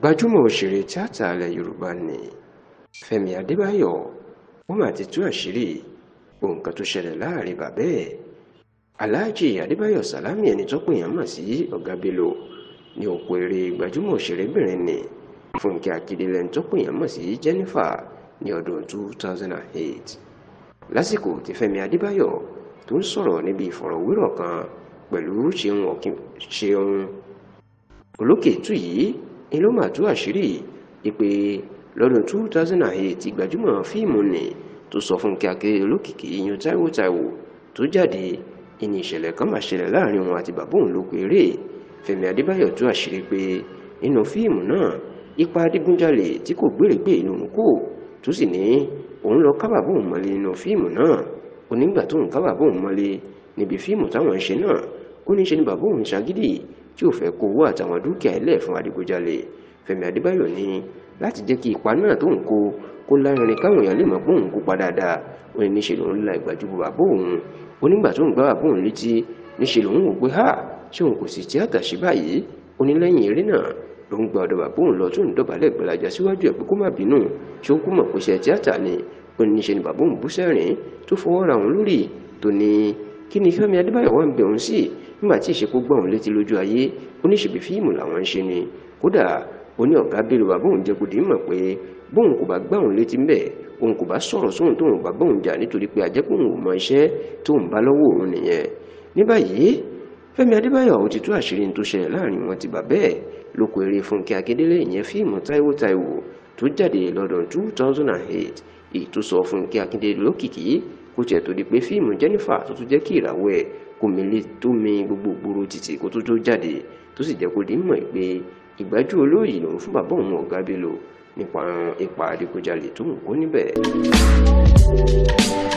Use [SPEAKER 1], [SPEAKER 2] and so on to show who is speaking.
[SPEAKER 1] gbajúmọ̀ òṣèré tíátà ilẹ̀ yorùbá ni fẹ́mi adébáyọ̀ wọ́n mà ti tú àṣírí nǹkan tó ṣẹlẹ̀ láàrin bàbá ẹ̀ aláàjì adébáyọ̀ sàlámì ẹni tọ́pọ̀ èèyàn mà sí ọ̀gá bello ní òkú eré gbajúmọ̀ òṣèrébìnrin ni fúnkẹ́ akíndélẹ̀ ẹni tọ́pọ̀ èèyàn mà sí jennifer ní ọdún 2008 lásìkò tí fẹ́mi adébáyọ̀ tó ń sọ̀rọ̀ níbi ìfọ̀rọ̀wérọ̀ kan pẹ̀lú ṣeun olókè tú yìí ló mà tú àṣírí ìpè lọ́dún 2008 gbajúmọ̀ fíìmù nì tó sọ fún kíákẹ́ olókìkí iyun Táíwò Táíwò tó jáde ìní ìṣẹ̀lẹ̀ kan mà ṣẹlẹ̀ láàrin òun àti bàbá òun ló pe eré Fẹ́mi Adébáyọ̀ tú àṣírí pé nínú fíìmù náà ipa adigunjalè tí kò gbèrègbè inú òun kò tó sì ní òun lọ kábàbọ̀ òun mọ́lé nínú fíìmù náà onígbà tóun kábàbọ̀ òun mọ́lé níbi fíìmù táwọn ń ṣe náà ó ní ṣe ni bàbá òun ṣagídì tí ò fẹ́ kó owó àtàwọn dúkìá ilẹ̀ fún adigunjalè Fẹ́mi Adébáyọ̀ ní láti jẹ́ kí ipa náà tó ń kó kó lárinrin káwọn èèyàn lè mọ̀ pé òun kópa dáadáa ó ní níṣe lòun la ìgbà ju bàbá òun ó nígbà tó ń gbá bàbá òun létí níṣe lòun wò pé ha ṣé òun kò sì tíátà ṣe báyìí ó ní lẹ́yìn eré náà lòun gba ọ̀dọ̀ bàbá òun lọ tó ń dọ̀bálẹ̀ gbalaja síwájú ẹ̀ pé kó má bínú ṣé ó kó mọ̀ pé ṣe tíátà ni ó ní níṣe ni bàbá òun bú sẹ́rìn tó fọwọ́ ra òun lórí tó ní kí ni Fẹ́mi Adébáyọ̀ wá ń bẹ̀ òun sí nígbà tí ìṣekú gbọ́n òun létí lójú ayé oníṣègbè fíìmù làwọn ń ṣe ni kódà oní ọ̀gá bèrè wà bóun jẹ́ kudì mọ̀ pé bóun kò bá gbá òun létí mbẹ̀ òun kò bá sọ̀rọ̀ sóun tóun bá bóun jà nítorí pé àjẹpọ̀n òun mọ iṣẹ́ tóun bá lọ́wọ́ òun nìyẹn ní báyìí Fẹ́mi Adébáyọ̀ ò ti tú àṣírí tó ṣẹlẹ̀ láàrin wọn ti bàbẹ́ ẹ̀ lóko eré Fúnkẹ́ Akíndélé ìyẹn fíìmù Táíwò Táíwò tó jáde lọ́dún two thousand and eight èyí tó sọ Fúnkẹ́ Akíndélé lókìkí kó tiẹ̀ tó di pé fíìmù Jennifer tó tún jẹ́ kí ìràwọ̀ ẹ̀ kó mele tó mi gbogbo gbòòrò títì kó tó tó jáde tó sì jẹ́ kó di mọ̀ pé ìgbájú olóyè lòun fún bàbá òun Ọ̀gá Bello nípa ipa adigunjalè tó ń kó níbẹ̀.